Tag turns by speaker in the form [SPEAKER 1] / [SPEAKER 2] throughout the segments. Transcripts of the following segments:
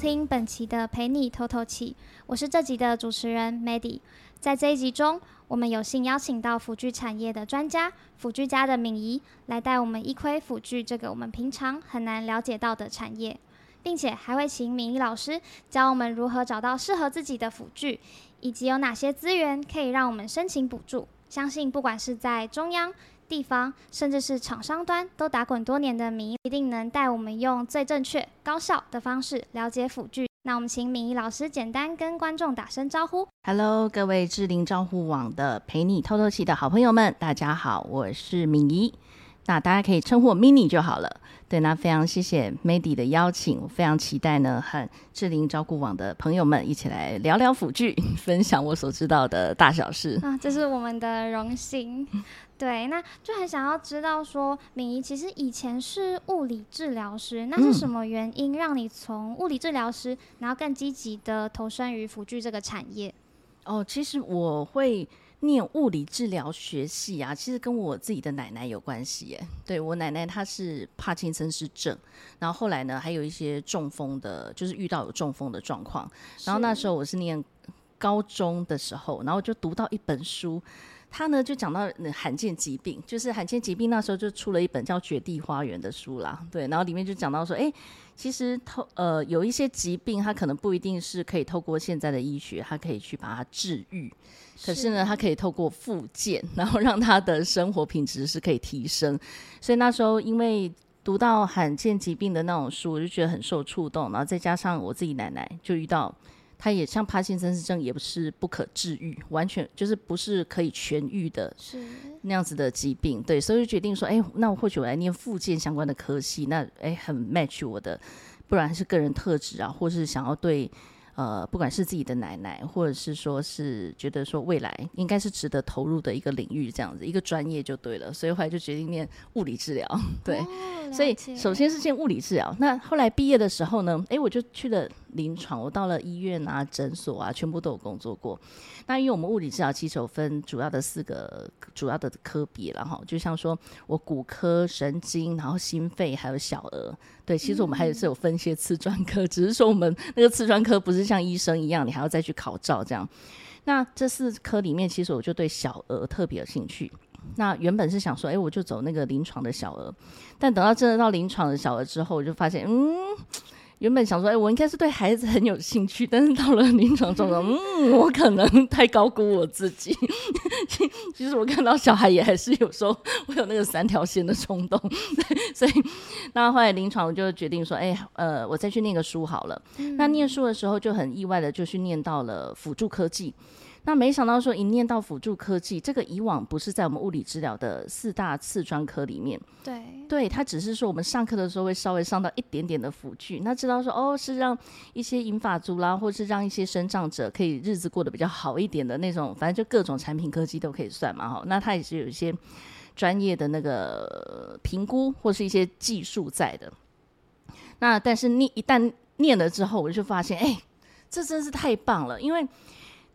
[SPEAKER 1] 聽本期的陪你透透氣，我是這集的主持人 Maddy。在這一集中，我們有幸邀請到輔具產業的專家輔具家的旻宜來帶我們一窺輔具這個我們平常很難了解到的產業，並且還會請旻宜老師教我們如何找到適合自己的輔具，以及有哪些資源可以讓我們申請補助。相信不管是在中央、地方，甚至是廠商端都打滾多年的旻宜一定能帶我們用最正確、高效的方式了解輔具。那我們請旻宜老師簡單跟觀眾打聲招呼。
[SPEAKER 2] Hello，各位智齡照顧網的陪你透透氣的好朋友們，大家好，我是旻宜，那大家可以稱呼我 mini 就好了。對，那非常謝謝 Mandy 的邀請，我非常期待呢，和智齡照顧網的朋友們一起來聊聊輔具，分享我所知道的大小事
[SPEAKER 1] 啊，這是我們的榮幸。對，那就很想要知道說，旻宜其實以前是物理治療師，那是什麼原因讓你從物理治療師，嗯、然後更積極的投身於輔具這個產業？
[SPEAKER 2] 哦，其實我會念物理治療學系啊，其實跟我自己的奶奶有關係耶。對，我奶奶她是帕金森氏症，然後後來呢還有一些中風的，就是遇到有中風的狀況。然後那時候我是念高中的時候，然後就讀到一本書。他呢就講到、嗯、罕見疾病，就是罕見疾病那時候就出了一本叫《絕地花園》的書啦，對，然後裡面就講到說，哎，其實透呃有一些疾病，它可能不一定是可以透過現在的醫學，它可以去把它治癒，可是呢，它可以透過復健，然後讓他的生活品質是可以提升。所以那時候因為讀到罕見疾病的那種書，我就覺得很受觸動，然後再加上我自己奶奶就遇到。他也像帕金森氏症，也不是不可治癒，完全就是不是可以痊癒的那樣子的疾病。是對，所以就決定說，哎、欸，那我或許我來念復健相關的科系，那哎、欸、很 match 我的，不然是個人特質啊，或是想要對呃，不管是自己的奶奶，或者是說是覺得說未來應該是值得投入的一個領域，這樣子一個專業就對了。所以後來就決定念物理治療。對，哦、所以首先是念物理治療。那後來畢業的時候呢，哎、欸，我就去了。臨床，我到了醫院啊、診所啊，全部都有工作過。那因為我們物理治療其實有分主要的四個主要的科別，然後就像說我骨科、神經、然後心肺還有小兒。對，其實我們還是有分一些次專科，嗯、只是說我們那個次專科不是像醫生一樣，你還要再去考照這樣。那這四科裡面，其實我就對小兒特別有興趣。那原本是想說，哎、欸，我就走那個臨床的小兒。但等到真的到臨床的小兒之後，我就發現，嗯。原本想說，欸，我應該是對孩子很有興趣，但是到了臨床中，嗯，我可能太高估我自己。 其實我看到小孩也還是有時候會有那個三條線的衝動，對，所以，那後來臨床我就決定說，哎，欸，呃，我再去念個書好了。嗯、那念書的時候就很意外的就去念到了輔助科技。那沒想到說，一念到輔助科技，這個以往不是在我們物理治療的四大次專科裡面，對，對，它只是說我們上課的時候會稍微上到一點點的輔具，那知道說哦，是讓一些銀髮族啦，或是讓一些身障者可以日子過得比較好一點的那種，反正就各種產品科技都可以算嘛，哈，那它也是有一些專業的那個評估或是一些技術在的。那但是你一旦念了之後，我就發現，哎、欸，這真是太棒了，因為。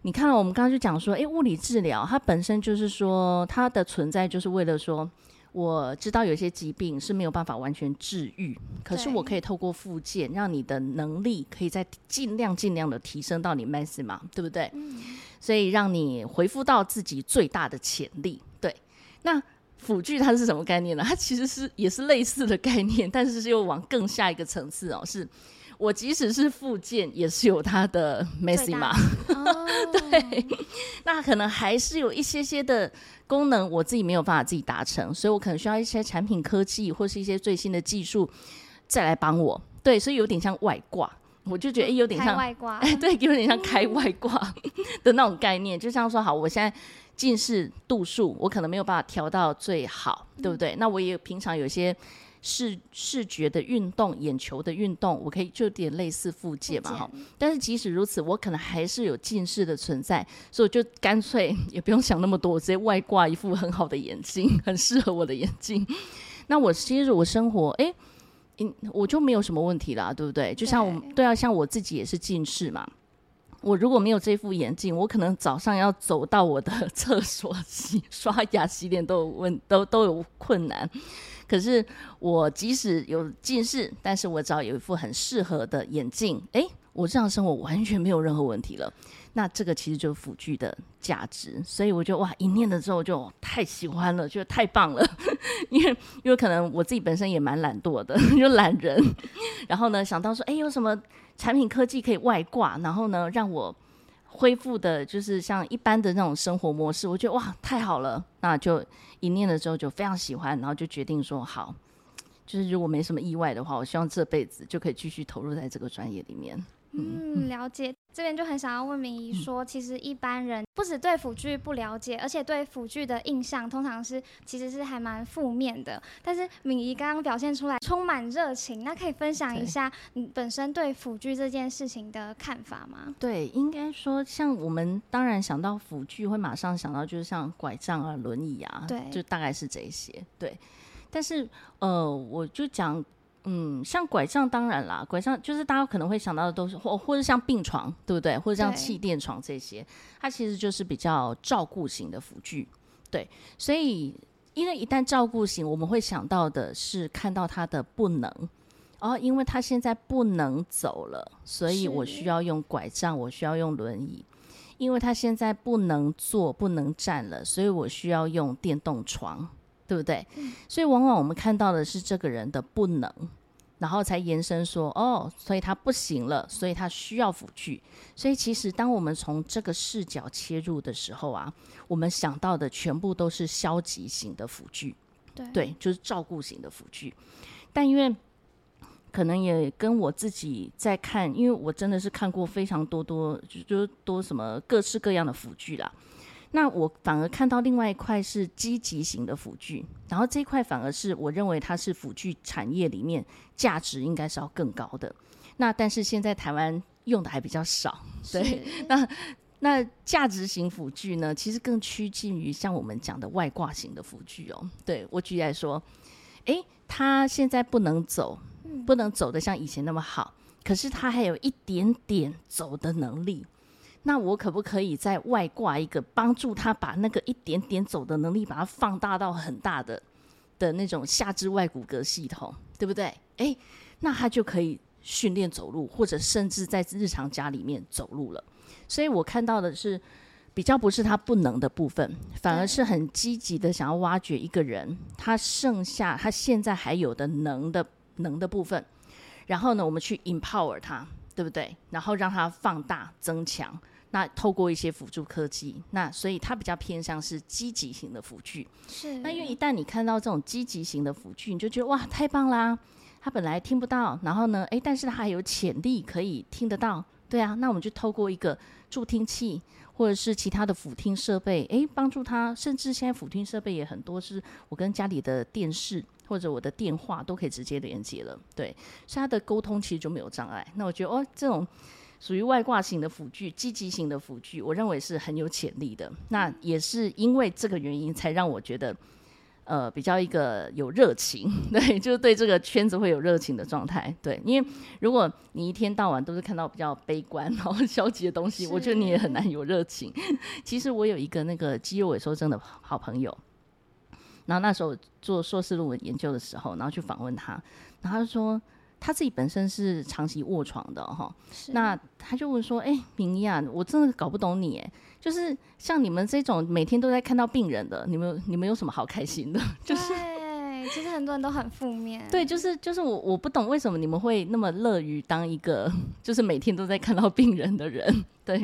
[SPEAKER 2] 你看我們剛剛就講說，誒，物理治療它本身就是說，它的存在就是為了說，我知道有些疾病是沒有辦法完全治癒，對可是我可以透過復健讓你的能力可以再盡量盡量的提升到你 max 嘛，對不對？嗯、所以讓你恢復到自己最大的潛力。對，那輔具它是什麼概念呢？啊？它其實是也是類似的概念，但是是又往更下一個層次哦，是。我即使是附件，也是有它的 maximum，哦，對，那可能還是有一些些的功能，我自己沒有辦法自己達成，所以我可能需要一些產品科技或是一些最新的技術再來幫我，對，所以有點像外掛，我就覺得、欸、有點像外掛、欸，對，有點像開外掛的那種概念，就像說好，我現在近視度數我可能沒有辦法調到最好，對不對？嗯、那我也平常有些。視視覺的運動，眼球的運動，我可以就點類似輔具嘛哈。輔具但是即使如此，我可能還是有近視的存在，所以我就乾脆也不用想那麼多，我直接外掛一副很好的眼鏡，很適合我的眼睛。那我其實我生活，哎、欸欸，我就沒有什麼問題啦，對不對？就像我，都要對像我自己也是近視嘛。我如果沒有這副眼鏡，我可能早上要走到我的廁所洗、刷牙、洗臉都有問、都都有困難。可是我即使有近視，但是我只要有一副很適合的眼鏡，哎、欸，我這樣生活完全沒有任何問題了。那這個其實就是輔具的價值，所以我就哇，一念了之後就太喜歡了，覺得太棒了。 因為因為可能我自己本身也蠻懶惰的，就懶人。然後呢，想到說，哎、欸，有什麼產品科技可以外掛，然後呢，讓我。恢復的就是像一般的那種生活模式，我覺得哇，太好了，那就一念的時候就非常喜歡，然後就決定說好，就是如果沒什麼意外的話，我希望這輩子就可以繼續投入在這個專業裡面。
[SPEAKER 1] 嗯，了解。這邊就很想要問旻宜說，嗯、其實一般人不只對輔具不了解，而且對輔具的印象通常是，其實是還蠻負面的。但是旻宜剛剛表現出來充滿熱情，那可以分享一下你本身對輔具這件事情的看法嗎？
[SPEAKER 2] 對，應該說，像我們當然想到輔具，會馬上想到就是像拐杖啊、輪椅啊，對，就大概是這些，對。但是呃，我就講。嗯，像拐杖當然啦，拐杖就是大家可能會想到的，都是或或者，像病床，對不對？或者像氣墊床這些，對它其實就是比較照顧型的輔具，對。所以，因為一旦照顧型，我們會想到的是看到他的不能，然後、哦、因為他現在不能走了，所以我需要用拐杖，我需要用輪椅，因為他現在不能坐不能站了，所以我需要用電動床。對不對？嗯。所以往往我們看到的是這個人的不能，然後才延伸說哦，所以他不行了，所以他需要輔具。所以其實當我們從這個視角切入的時候啊，我們想到的全部都是消極型的輔具，對，對，就是照顧型的輔具。但因為可能也跟我自己在看，因為我真的是看過非常多多就多什麼各式各樣的輔具啦。那我反而看到另外一塊是積極型的輔具，然後這一塊反而是我認為它是輔具產業裡面價值應該是要更高的。那但是現在台灣用的還比較少，對。是那那價值型輔具呢，其實更趨近於像我們講的外掛型的輔具哦、喔。對我舉例來說，哎、欸，他現在不能走，嗯、不能走得像以前那麼好，可是他還有一點點走的能力。那我可不可以在外掛一個幫助他把那個一點點走的能力，把它放大到很大的的那種下肢外骨骼系統，對不對？誒，那他就可以訓練走路，或者甚至在日常家裡面走路了。所以我看到的是，比較不是他不能的部分，反而是很積極的想要挖掘一個人，他剩下，他現在還有的能的能的部分，然後呢，我們去 empower 他，對不對？然後讓他放大增強。那透過一些輔助科技，那所以它比較偏向是積極型的輔具。是，那因為一旦你看到這種積極型的輔具，你就覺得哇，太棒啦！啊！他本來聽不到，然後呢，誒、欸，但是他還有潛力可以聽得到。對啊，那我們就透過一個助聽器或者是其他的輔聽設備，誒、欸，幫助他。甚至現在輔聽設備也很多，是我跟家裡的電視或者我的電話都可以直接連接了。對，所以他的溝通其實就沒有障礙。那我覺得哦，這種。屬於外掛型的輔具，積極型的輔具，我認為是很有潛力的。那也是因為這個原因，才讓我覺得，呃，比較一個有熱情，對，就是對這個圈子會有熱情的狀態。對，因為如果你一天到晚都是看到比較悲觀然後消極的東西，是我覺得你也很難有熱情。其實我有一個那個肌肉萎縮症的好朋友，然後那時候做碩士論文研究的時候，然後去訪問他，然後他說。他自己本身是長期臥床的哈，的那他就問說：“哎、欸，旻宜啊，我真的搞不懂你、欸，誒，就是像你們這種每天都在看到病人的，你們你們有什麼好開心的？”
[SPEAKER 1] 就是，對，其實很多人都很負面。對，就
[SPEAKER 2] 是就是我我不懂為什麼你們會那麼樂於當一個就是每天都在看到病人的人。對，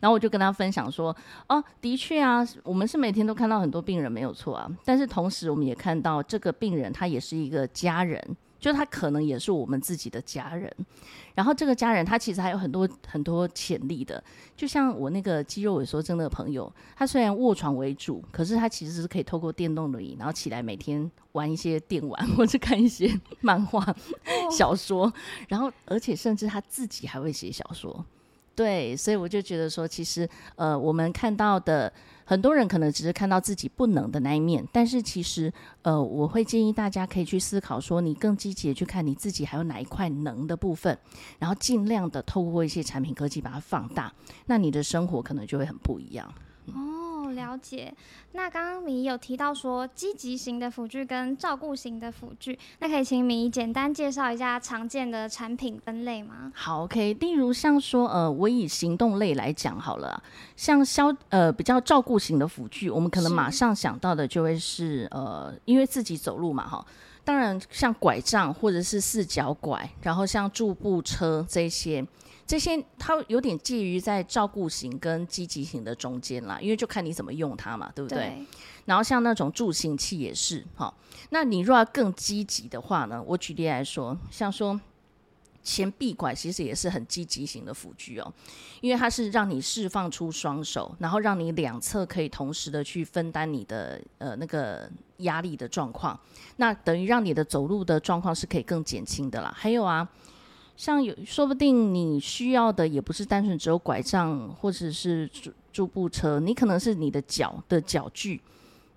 [SPEAKER 2] 然後我就跟他分享說：“哦，的確啊，我們是每天都看到很多病人，沒有錯啊，但是同時我們也看到這個病人他也是一個家人。”就他可能也是我們自己的家人，然後這個家人他其實還有很多很多潛力的，就像我那個肌肉萎縮症的朋友，他雖然臥床為主，可是他其實是可以透過電動輪椅，然後起來每天玩一些電玩或者是看一些漫畫 小說，然後而且甚至他自己還會寫小說。對，所以我就覺得說，其實，呃，我們看到的很多人可能只是看到自己不能的那一面，但是其實，呃，我會建議大家可以去思考說，你更積極地去看你自己還有哪一塊能的部分，然後盡量地透過一些產品科技把它放大，那你的生活可能就會很不一樣。
[SPEAKER 1] 嗯。了解，那剛剛米有提到說積極型的輔具跟照顧型的輔具，那可以請米簡單介紹一下常見的產品分類嗎？
[SPEAKER 2] 好，OK，例如像說，呃，我以行動類來講好了，像消呃比較照顧型的輔具，我們可能馬上想到的就會是，是呃，因為自己走路嘛，哈，當然像拐杖、或者是四腳拐，然後像助步車這些。這些它有點介於在照顧型跟積極型的中間啦，因為就看你怎麼用它嘛，對不對？對。然後像那種助行器也是，好、哦，那你若要更積極的話呢？我舉例來說，像說前臂拐，其實也是很積極型的輔具哦，因為它是讓你釋放出雙手，然後讓你兩側可以同時的去分擔你的呃那個壓力的狀況，那等於讓你的走路的狀況是可以更減輕的啦。還有啊。像有，說不定你需要的也不是單純只有拐杖或者是助助步車，你可能是你的腳的腳距，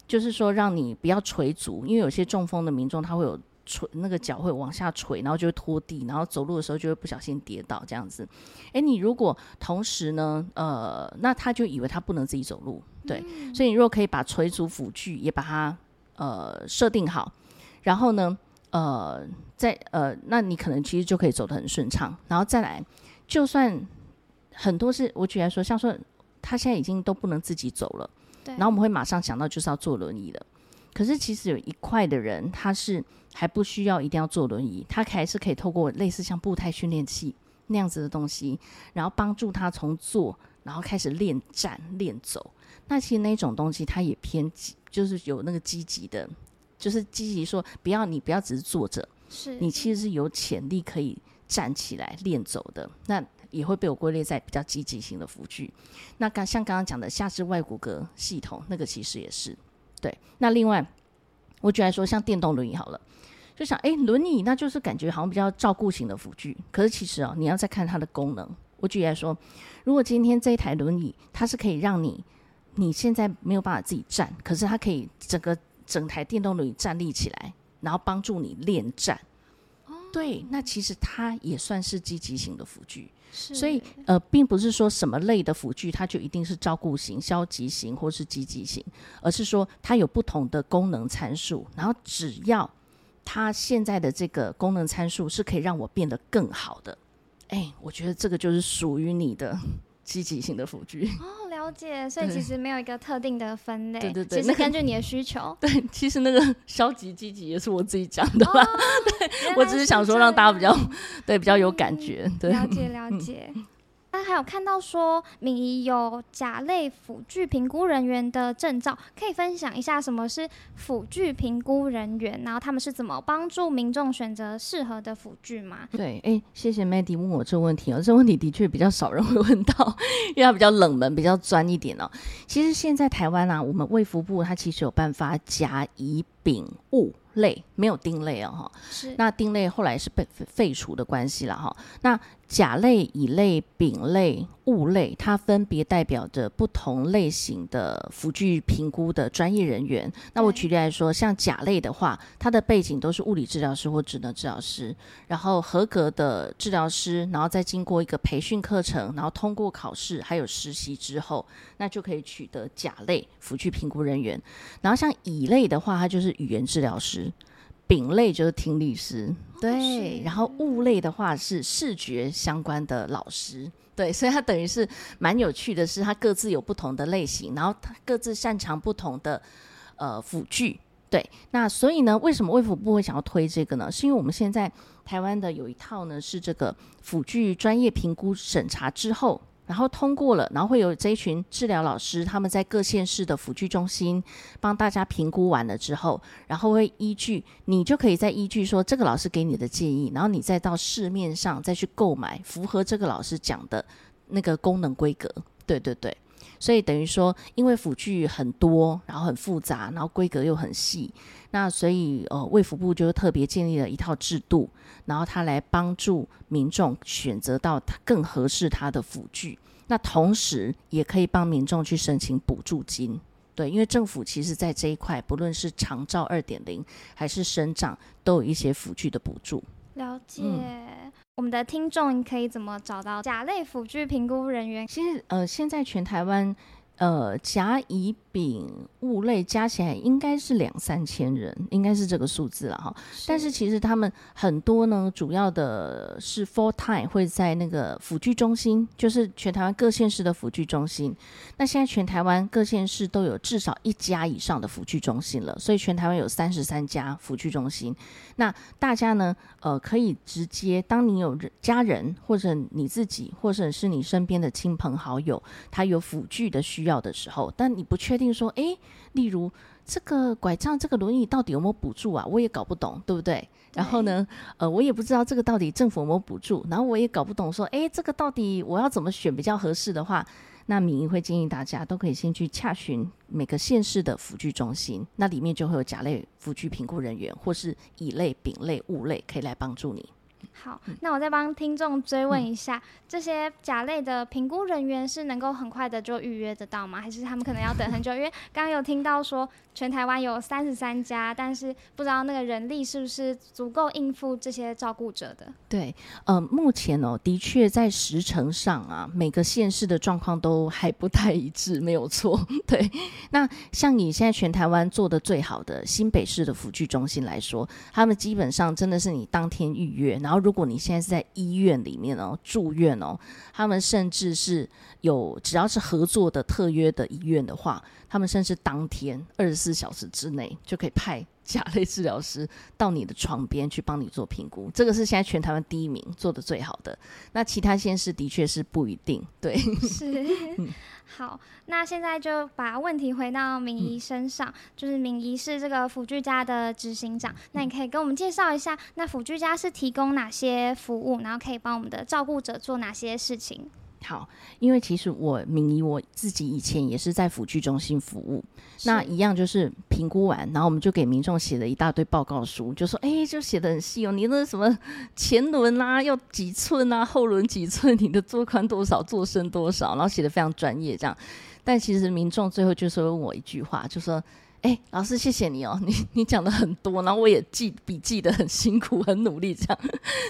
[SPEAKER 2] 就是說讓你不要垂足，因為有些中風的民眾他會有垂那個腳會往下垂，然後就會拖地，然後走路的時候就會不小心跌倒這樣子。哎、欸，你如果同時呢，呃，那他就以為他不能自己走路，對，嗯、所以你若可以把垂足輔具也把它呃設定好，然後呢？呃，在呃，那你可能其實就可以走得很順暢，然後再來，就算很多事，我舉來說，像說他現在已經都不能自己走了，對然後我們會馬上想到就是要坐輪椅了，可是其實有一塊的人他是還不需要一定要坐輪椅，他還是可以透過類似像步態訓練器那樣子的東西，然後幫助他從坐然後開始練站練走，那其實那一種東西他也偏就是有那個積極的。就是積極說，不要你不要只是坐着，是你其實是有潛力可以站起來練走的，那也會被我歸類在比較積極型的輔具。那剛像剛剛講的下肢外骨骼系統，那個其實也是對。那另外，我舉例來說像電動輪椅好了，就想誒，輪椅，那就是感覺好像比較照顧型的輔具，可是其實哦，你要再看它的功能。我舉例說，如果今天這一台輪椅，它是可以讓你你現在沒有辦法自己站，可是它可以整個。整台電動輪椅站立起來，然後幫助你練站。哦、對，那其實它也算是積極型的輔具。是的。所以呃，並不是說什麼類的輔具，它就一定是照顧型、消極型或是積極型，而是說它有不同的功能參數。然後只要它現在的這個功能參數是可以讓我變得更好的，哎、欸，我覺得這個就是屬於你的積極性的輔具。哦
[SPEAKER 1] 了解，所以其實沒有一個特定的分類，對對對，其實根據你的需求。對，其
[SPEAKER 2] 實那個消極積極也是我自己
[SPEAKER 1] 講的吧，哦、 對我只是想
[SPEAKER 2] 說讓大家比較，嗯、對比較有感覺，對，了解了解。
[SPEAKER 1] 了解嗯那還有看到說旻宜有甲類輔具評估人員的證照，可以分享一下什麼是輔具評估人員，然後他們是怎麼幫助民眾選擇適合的輔具嗎？
[SPEAKER 2] 對，哎、欸，謝謝 Maddy 問我這個問題哦、喔，這問題的確比較少人會問到，因為它比較冷門，比較專一點哦、喔。其實現在台灣啊，我們衛福部它其實有頒發甲、乙、丙戊類，沒有丁類啊、喔，是那丁類後來是被廢除的關係了哈。那甲類、乙類、丙類、戊類，它分別代表着不同類型的輔具評估的專業人員。那我舉例來說，像甲類的話，它的背景都是物理治療師或職能治療師，然後合格的治療師，然後再經過一個培訓課程，然後通過考試，還有實習之後，那就可以取得甲類輔具評估人員。然後像乙類的話，它就是語言治療師，丙類就是聽力師。對，哦、然後物類的話是視覺相關的老師，對，所以它等於是蠻有趣的，是它各自有不同的類型，然後它各自擅長不同的呃輔具，對，那所以呢，為什麼衛福部會想要推這個呢？是因為我們現在台灣的有一套呢，是這個輔具專業評估審查之後。然後通過了，然後會有這一群治療老師，他們在各縣市的輔具中心幫大家評估完了之後，然後會依據，你就可以再依據說這個老師給你的建議，然後你再到市面上再去購買符合這個老師講的那個功能規格。對對對。所以等於說，因為輔具很多，然後很複雜，然後規格又很細，那所以呃，衛福部就特別建立了一套制度，然後它來幫助民眾選擇到它更合適它的輔具，那同時也可以幫民眾去申請補助金，對，因為政府其實在這一塊，不論是長照二點零還是身障，都有一些輔具的補助，
[SPEAKER 1] 了解。嗯我們的聽眾可以怎麼找到甲類輔具評估人員？其實
[SPEAKER 2] 呃，現在全台灣呃，甲乙。丙類加起來應該是兩三千人，應該是這個數字了哈。是，但是其實他們很多呢，主要的是 full time 會在那個輔具中心，就是全台灣各縣市的輔具中心。那現在全台灣各縣市都有至少一家以上的輔具中心了，所以全台灣有三十三家輔具中心。那大家呢，呃，可以直接，當你有家人或者你自己，或者是你身邊的親朋好友，他有輔具的需要的時候，但你不確定。說誒，例如這個拐杖、這個輪椅到底有沒有補助啊？我也搞不懂，對不對？對。然後呢，呃，我也不知道這個到底政府有沒有補助。然後我也搞不懂說，說誒，這個到底我要怎麼選比較合適的話，那旻宜會建議大家都可以先去洽詢每個縣市的輔具中心，那裡面就會有甲類輔具評估人員，或是乙類、丙類、戊類可以來幫助你。
[SPEAKER 1] 好，那我再幫聽眾追問一下，這些甲類的評估人員是能夠很快的就預約得到嗎？還是他們可能要等很久？因為剛剛有聽到說，全台灣有三十三家，但是不知道那個人力是不是足夠應付這些照顧者的？
[SPEAKER 2] 對，呃，目前哦，的確在時程上啊，每個縣市的狀況都還不太一致，沒有錯。對，那像你現在全台灣做的最好的新北市的輔具中心來說，他們基本上真的是你當天預約。然後，如果你現在是在醫院裡面哦，住院哦，他們甚至是有，只要是合作的特約的醫院的話，他們甚至當天24小時之內就可以派。甲類治療師到你的床邊去幫你做評估，這個是現在全台灣第一名做的最好的。那其他縣市的確是不一定。對，
[SPEAKER 1] 是 好。那現在就把問題回到旻宜身上，嗯、就是旻宜是這個輔具家的執行長，嗯、那你可以跟我們介紹一下，那輔具家是提供哪些服務，然後可以幫我們的照顧者做哪些事情？
[SPEAKER 2] 好，因為其實我旻宜我自己以前也是在輔具中心服務，是那一樣就是評估完，然後我們就給民眾寫了一大堆報告書，就說，哎、欸，就寫的很細哦、喔，你那什麼前輪啊要幾寸啊，後輪幾寸，你的座寬多少，座深多少，然後寫的非常專業這樣，但其實民眾最後就是問我一句話，就說。哎、欸，老師，謝謝你哦、喔，你你講的很多，然後我也記筆記得很辛苦，很努力這樣，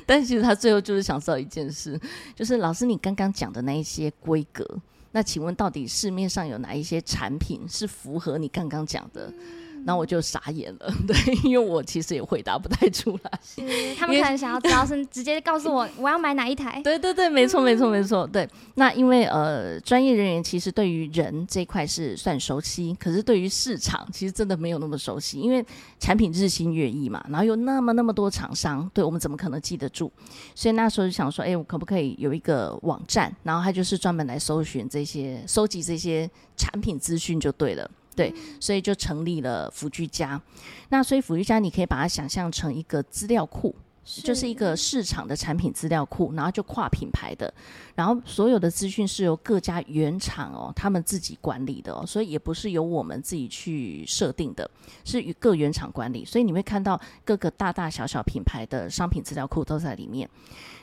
[SPEAKER 2] 但其實他最後就是想知道一件事，就是老師你剛剛講的那一些規格，那請問到底市面上有哪一些產品是符合你剛剛講的？嗯。那我就傻眼了，對，因為我其實也回答不太出來。是為他們可
[SPEAKER 1] 能想要主要是直接告訴我我要買哪一台？ 對對對，沒錯沒錯沒錯。對，
[SPEAKER 2] 那因為呃，專業人員其實對於人這一塊是算熟悉，可是對於市場其實真的沒有那麼熟悉，因為產品日新月異嘛，然後有那麼那麼多廠商，對我們怎麼可能記得住？所以那時候就想說，哎，我可不可以有一個網站，然後他就是專門來搜尋這些、收集這些產品資訊就對了。對，所以就成立了輔具家，那所以輔具家你可以把它想象成一個資料庫，是的就是一個市場的產品資料庫，然後就跨品牌的，然後所有的資訊是由各家原廠哦，他們自己管理的哦，所以也不是由我們自己去設定的，是與各原廠管理，所以你會看到各個大大小小品牌的商品資料庫都在裡面，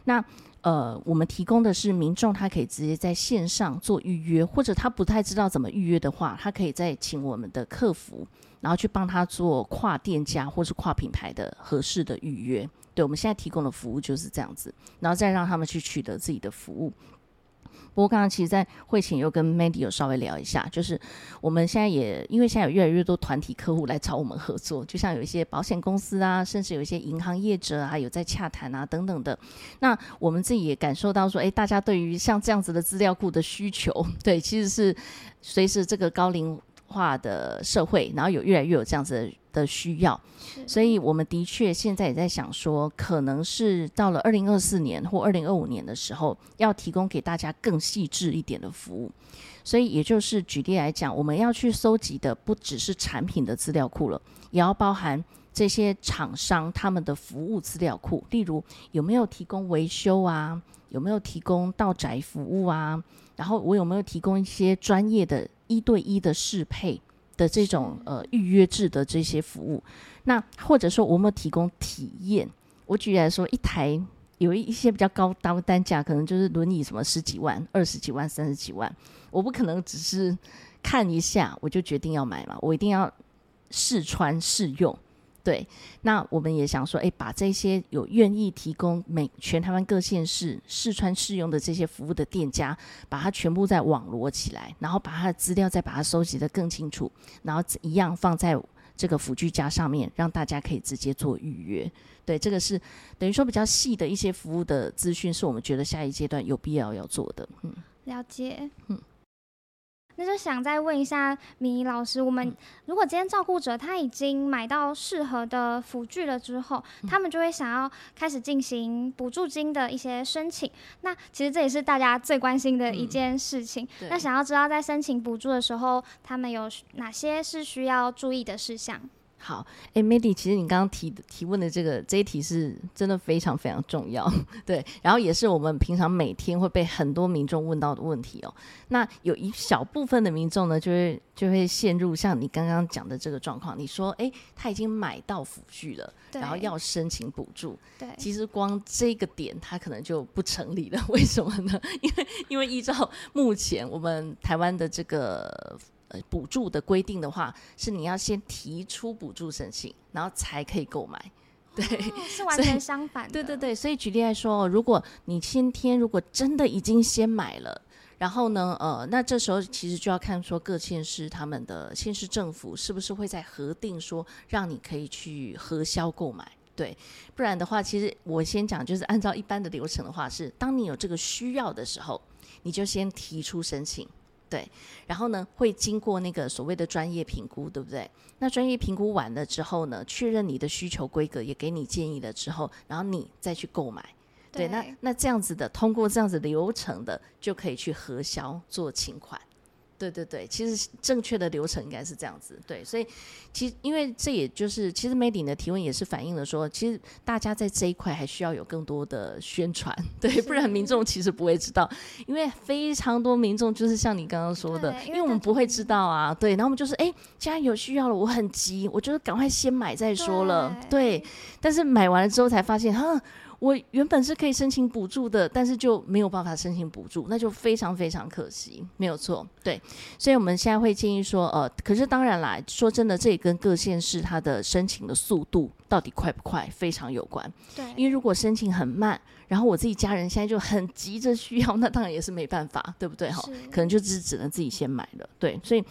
[SPEAKER 2] 那，呃，我們提供的是民眾他可以直接在線上做預約，或者他不太知道怎麼預約的話，他可以再請我們的客服，然後去幫他做跨店家或是跨品牌的合適的預約。對我們現在提供的服務就是這樣子，然後再讓他們去取得自己的服務。不過，剛剛其實，在會前又跟 Mandy 有稍微聊一下，就是我們現在也因為現在有越來越多團體客戶來找我們合作，就像有一些保險公司啊，甚至有一些銀行業者啊，有在洽談啊等等的。那我們自己也感受到說，哎，大家對於像這樣子的資料庫的需求，對，其實是隨着這個高齡化的社會，然後有越來越有這樣子的需要，是所以我們的確現在也在想說，可能是到了二零二四年或二零二五年的時候，要提供給大家更細緻一點的服務。所以，也就是舉例來講，我們要去搜集的不只是產品的資料庫了，也要包含這些廠商他們的服務資料庫，例如有沒有提供維修啊，有沒有提供到宅服務啊，然後我有沒有提供一些專業的。一對一的適配的這種呃預約制的這些服務，是那或者說我們提供體驗，我舉例來說，一台有一一些比較高的單價，可能就是輪椅什麼十幾萬、二十幾萬、三十幾萬，我不可能只是看一下我就決定要買嘛，我一定要試穿試用。對，那我們也想說，哎、欸，把這些有願意提供美全台灣各縣市試穿試用的這些服務的店家，把它全部在網羅起來，然後把它的資料再把它收集得更清楚，然後一樣放在這個輔具家上面，讓大家可以直接做預約。對，這個是等於說比較細的一些服務的資訊，是我們覺得下一階段有必要要做的。嗯，
[SPEAKER 1] 了解。嗯。那就想再問一下旻宜老師，我們如果今天照顧者他已經買到適合的輔具了之後，嗯、他們就會想要開始進行補助金的一些申請。那其實這也是大家最關心的一件事情。嗯、那想要知道在申請補助的時候，他們有哪些是需要注意的事項？
[SPEAKER 2] 好，哎、欸、，Mandy，其實你剛剛提的提問的這個這一題是真的非常非常重要，對，然後也是我們平常每天會被很多民眾問到的問題哦、喔。那有一小部分的民眾呢，就會就會陷入像你剛剛講的這個狀況。你說，哎、欸，他已經買到輔具了，對然後要申請補助，對，其實光這個點他可能就不成立了。為什麼呢？因為因為依照目前我們台灣的這個。補助的規定的話，是你要先提出補助申請，然後才可以購買。對、哦，
[SPEAKER 1] 是完全相
[SPEAKER 2] 反的。對對對，所以舉例來說，如果你今天如果真的已經先買了，然後呢，呃，那這時候其實就要看說各縣市他們的縣市政府是不是會再核定說讓你可以去核銷購買。對，不然的話，其實我先講就是按照一般的流程的話是，是當你有這個需要的時候，你就先提出申請。對，然後呢，會經過那個所謂的專業評估，對不對？那專業評估完了之後呢，確認你的需求規格，也給你建議了之後，然後你再去購買。對，對，那那這樣子的，通過這樣子流程的，就可以去核銷做請款。對對對，其實正確的流程應該是這樣子。對，所以其實因為這也就是，其實 Mandy 的提問也是反映了說，其實大家在這一塊還需要有更多的宣傳，對，是不然民眾其實不會知道，因為非常多民眾就是像你剛剛說的，對因為我們不會知道啊，對，對，然後我們就是哎，既然有需要了，我很急，我就趕快先買再說了，對，對，但是買完了之後才發現，哼我原本是可以申請補助的，但是就沒有辦法申請補助，那就非常非常可惜，沒有錯。對，所以我們現在會建議說，呃，可是當然啦，說真的，這也跟各縣市它的申請的速度到底快不快非常有關。對，因為如果申請很慢，然後我自己家人現在就很急着需要，那當然也是沒辦法，對不對？哈是，可能就只是只能自己先買了。對，所以，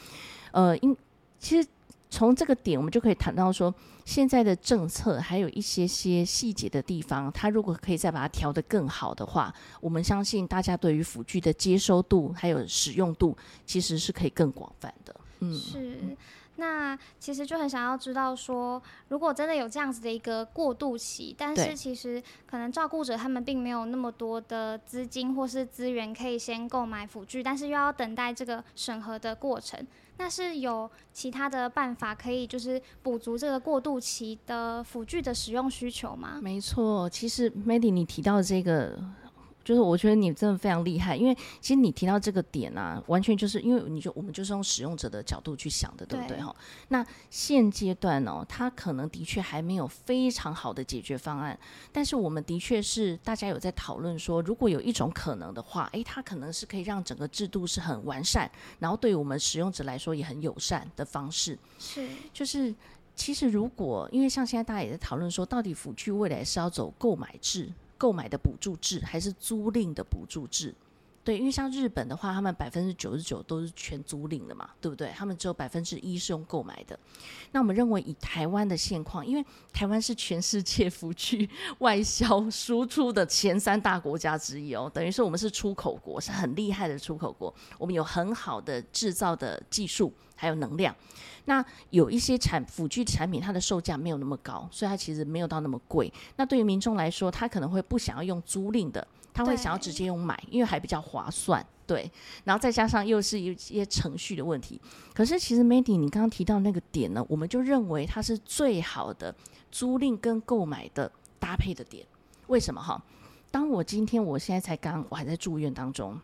[SPEAKER 2] 呃，因其實從這個點我們就可以談到說。現在的政策還有一些些細節的地方，它如果可以再把它調得更好的話，我們相信大家對於輔具的接收度還有使用度其實是可以更廣泛的。
[SPEAKER 1] 嗯，是。那其實就很想要知道說，如果真的有這樣子的一個過渡期，但是其實可能照顧者他們並沒有那麼多的資金或是資源可以先購買輔具，但是又要等待這個審核的過程。那是有其他的辦法可以，就是補足這個過渡期的輔具的使用需求嗎？沒錯，其實
[SPEAKER 2] Mandy 你提到這個。就是我覺得你真的非常厲害，因為其實你提到這個點啊，完全就是因為你就我們就是用使用者的角度去想的，對，對不對哈？那現階段呢，哦，它可能的確還沒有非常好的解決方案，但是我們的確是大家有在討論說，如果有一種可能的話，誒，它可能是可以讓整個制度是很完善，然後對於我們使用者來說也很友善的方式。是，就是其實如果因為像現在大家也在討論說，到底輔具未來是要走購買制？購買的補助制還是租賃的補助制？對，因為像日本的話，他們百分之九十九都是全租賃的嘛，對不對？他們只有百分之一是用購買的。那我們認為以台灣的現況，因為台灣是全世界輔具外銷輸出的前三大國家之一哦，等於說我們是出口國，是很厲害的出口國。我們有很好的制造的技術，還有能量。那有一些產輔具產品，它的售價沒有那麼高，所以它其實沒有到那麼貴。那對於民眾來說，他可能會不想要用租賃的。他會想要直接用買，對因為還比較划算，對。然後再加上又是一些程序的問題。可是其實，Mandy，你剛剛提到那個點呢，我們就認為它是最好的租賃跟購買的搭配的點。為什麼哈？當我今天，我現在才剛，我還在住院當中。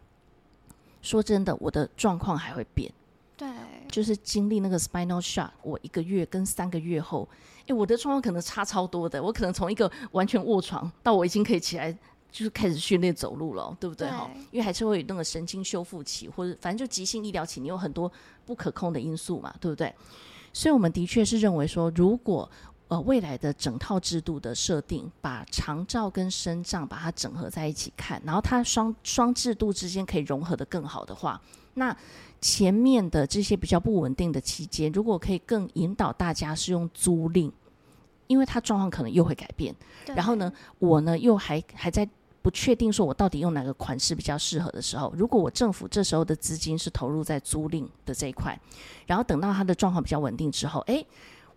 [SPEAKER 2] 說真的，我的狀況還會變。對。就是經歷那個 spinal shock，我一個月跟三個月後，誒，我的狀況可能差超多的。我可能從一個完全臥床到我已經可以起來。就是開始訓練走路了，對不對哈？對，因為還是會有那個神經修復期，或者反正就急性醫療期，你有很多不可控的因素嘛，對不對？所以我們的確是認為說，如果呃未來的整套制度的設定，把長照跟身障把它整合在一起看，然後它雙雙制度之間可以融合得更好的話，那前面的這些比較不穩定的期間，如果可以更引導大家是用租賃，因為它狀況可能又會改變。對然後呢，我呢又還還在。不確定說我到底用哪個款式比較適合的時候，如果我政府這時候的資金是投入在租賃的這一塊，然後等到他的狀況比較穩定之後，哎，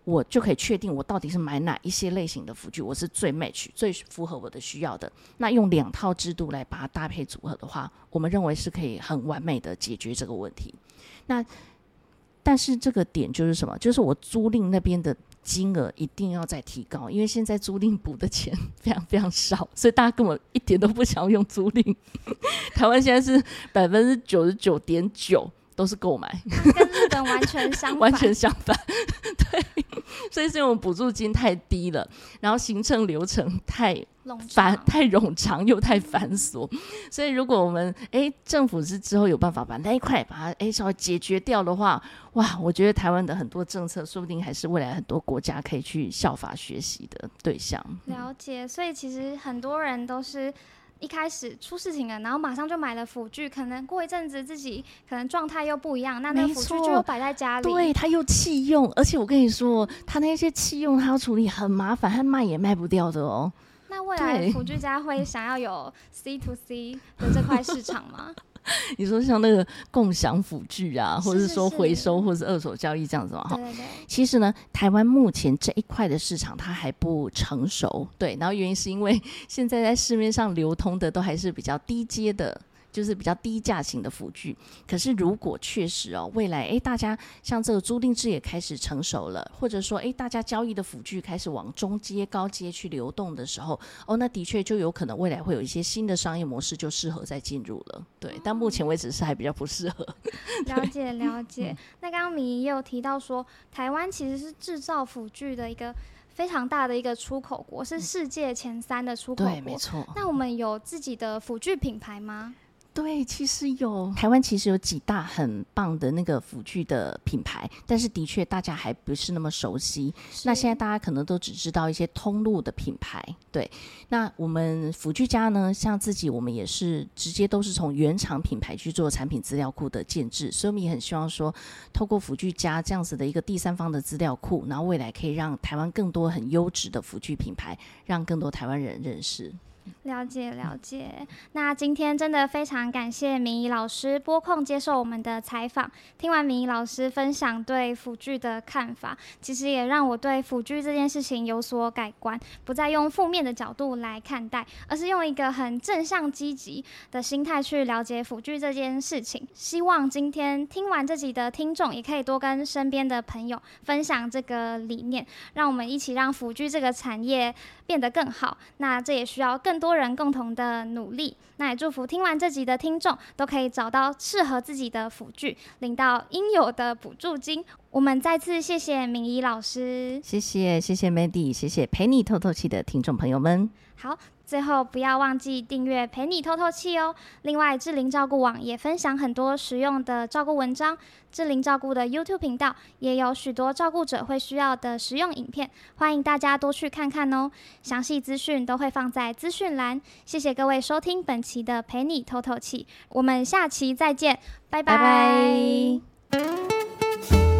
[SPEAKER 2] 我就可以確定我到底是買哪一些類型的輔具，我是最 match，最符合我的需要的。那用兩套制度來把它搭配組合的話，我們認為是可以很完美的解決這個問題。那但是這個點就是什麼？就是我租賃那邊的。金額一定要再提高，因為現在租賃補的錢非常非常少，所以大家根本一點都不想要用租賃。 台灣現在是百分之九十九點九。都是購買，嗯，
[SPEAKER 1] 跟日本完全相反 完全相反，
[SPEAKER 2] 對，所以是因為我們補助金太低了，然後行政流程太繁場太冗長又太繁瑣，嗯、所以如果我們哎、欸、政府是之後有辦法把那一塊把它哎、欸、稍微解決掉的話，哇，我覺得台灣的很多政策說不定還是未來很多國家可以去效法學習的對象。嗯、
[SPEAKER 1] 了解，所以其實很多人都是。一開始出事情了，然後馬上就買了輔具，可能過一陣子自己可能狀態又不一樣，那那個輔具就擺在家裡，對，他
[SPEAKER 2] 又棄用，而且我跟你說，他那些棄用他要處理很麻煩，他賣也賣不掉的哦。
[SPEAKER 1] 那未來輔具家會想要有 C to C 的這塊市場嗎？
[SPEAKER 2] 你說像那個共享輔具啊，或者是說回收，是是是或是二手交易這樣子嘛，哈。其實呢，台灣目前這一塊的市場它還不成熟，對。然後原因是因為現在在市面上流通的都還是比較低階的。就是比較低價型的輔具，可是如果確實哦，未來哎、欸，大家像這個租賃制也開始成熟了，或者說哎、欸，大家交易的輔具開始往中階、高階去流動的時候，哦，那的確就有可能未來會有一些新的商業模式就適合再進入了。對，但目前為止是還比較不適合。
[SPEAKER 1] 了解了解。嗯、那剛剛旻宜也有提到說，台灣其實是製造輔具的一個非常大的一個出口國，是世界前三的出口國。對、嗯，沒錯。那我們有自己的輔具品牌嗎？對，其實有
[SPEAKER 2] 台灣其實有幾大很棒的那個輔具的品牌，但是的確大家還不是那麼熟悉。是那現在大家可能都只知道一些通路的品牌，對。那我們輔具家呢，像自己我們也是直接都是從原廠品牌去做產品資料庫的建置。所以我們也很希望說，透過輔具家這樣子的一個第三方的資料庫，然後未來可以讓台灣更多很優質的輔具品牌，讓更多台灣人認識。
[SPEAKER 1] 了解了解，那今天真的非常感謝旻宜老師撥空接受我們的採訪。聽完旻宜老師分享對輔具的看法，其實也讓我對輔具這件事情有所改觀，不再用負面的角度來看待，而是用一個很正向積極的心態去了解輔具這件事情。希望今天聽完這集的聽眾，也可以多跟身邊的朋友分享這個理念，讓我們一起讓輔具這個產業變得更好。那這也需要更。更多人共同的努力，那也祝福聽完這集的聽眾都可以找到適合自己的輔具，領到應有的補助金。我們再次謝謝旻宜老師，
[SPEAKER 2] 謝謝，謝謝 Mandy，謝謝陪你透透氣的聽眾朋友們。
[SPEAKER 1] 好。最後不要忘記訂閱《陪你透透氣》哦。另外，智齡照顧網也分享很多實用的照顧文章，智齡照顧的 YouTube 頻道也有許多照顧者會需要的實用影片，歡迎大家多去看看哦。詳細資訊都會放在資訊欄。謝謝各位收聽本期的《陪你透透氣》，我們下期再見，拜拜。拜拜。